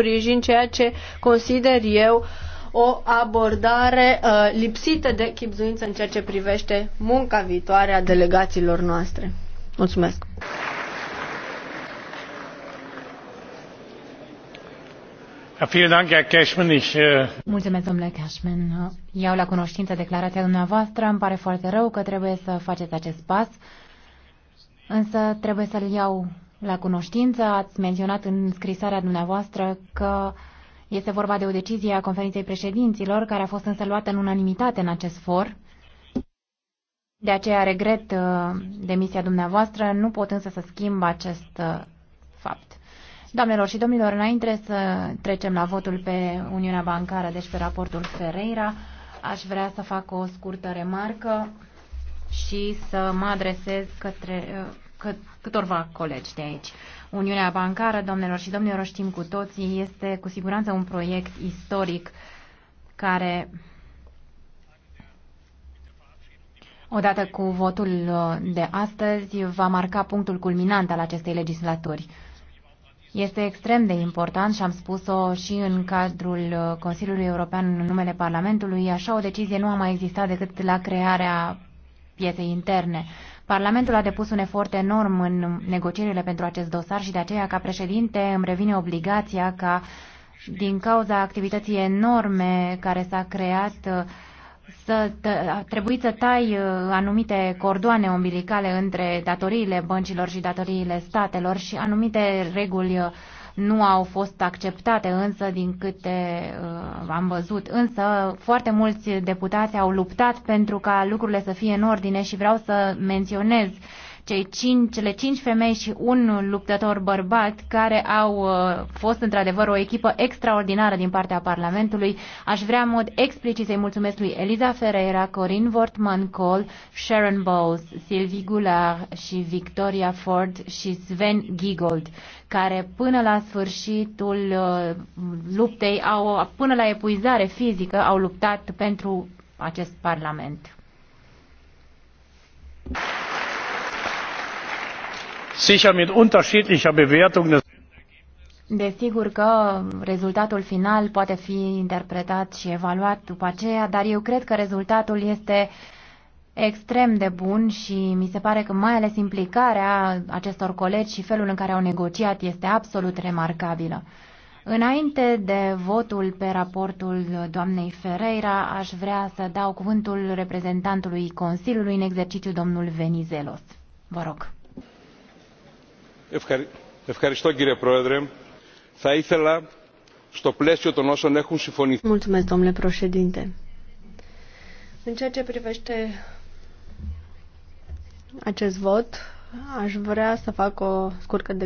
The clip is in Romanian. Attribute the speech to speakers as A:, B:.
A: sprijin ceea ce consider eu o abordare uh, lipsită de chipzuință în ceea ce privește munca viitoare a delegațiilor noastre. Mulțumesc! Äh, Mulțumesc, domnule Cashman. Iau la cunoștință declarația dumneavoastră. Îmi pare foarte rău că trebuie să faceți acest pas, însă trebuie să-l iau la cunoștință. Ați menționat în scrisarea dumneavoastră că este vorba de o decizie a conferinței președinților, care a fost însă luată în unanimitate în acest for. De aceea regret uh, demisia dumneavoastră, nu pot însă să schimb acest uh, fapt. Doamnelor și domnilor, înainte să trecem la votul pe Uniunea Bancară, deci pe raportul Ferreira, aș vrea să fac o scurtă remarcă și să mă adresez către uh, cât, câtorva colegi de aici. Uniunea bancară, domnilor și domnilor, știm cu toții, este cu siguranță un proiect istoric care odată cu votul uh, de astăzi va marca punctul culminant al acestei legislaturi. Este extrem de important și am spus-o și în cadrul uh, Consiliului European în numele Parlamentului, așa o decizie nu a mai existat decât la crearea pieței interne. Parlamentul a depus un efort enorm în negocierile pentru acest dosar și de aceea, ca președinte, îmi revine obligația ca, din cauza activității enorme care s-a creat, să a trebuit să tai uh, anumite cordoane umbilicale între datoriile băncilor și datoriile statelor și anumite reguli uh, nu au fost acceptate însă din câte uh, am văzut. Însă foarte mulți deputați au luptat pentru ca lucrurile să fie în ordine și vreau să menționez uh, cei cinci, cele cinci femei și un luptător bărbat care au uh, fost într-adevăr o echipă extraordinară din partea Parlamentului. Aș vrea în mod explicit să-i mulțumesc lui Eliza Ferreira, Corin Wortman Cole, Sharon Bowles, Sylvie Goulart și Victoria Ford și Sven Giegold, care până la sfârșitul uh, luptei, au, până la epuizare fizică, au luptat pentru acest Parlament. sicher mit unterschiedlicher Bewertung des Desigur că rezultatul final poate fi interpretat și evaluat după aceea, dar eu cred că rezultatul este extrem de bun și mi se pare că mai ales implicarea acestor colegi și felul în care au negociat este absolut remarcabilă. Înainte de votul pe raportul doamnei Ferreira, aș vrea să dau cuvântul reprezentantului Consiliului în exercițiu, domnul Venizelos. Vă rog. Mulțumesc, domnule președinte. În ceea ce privește acest vot, aș vrea să fac o scurtă declarație.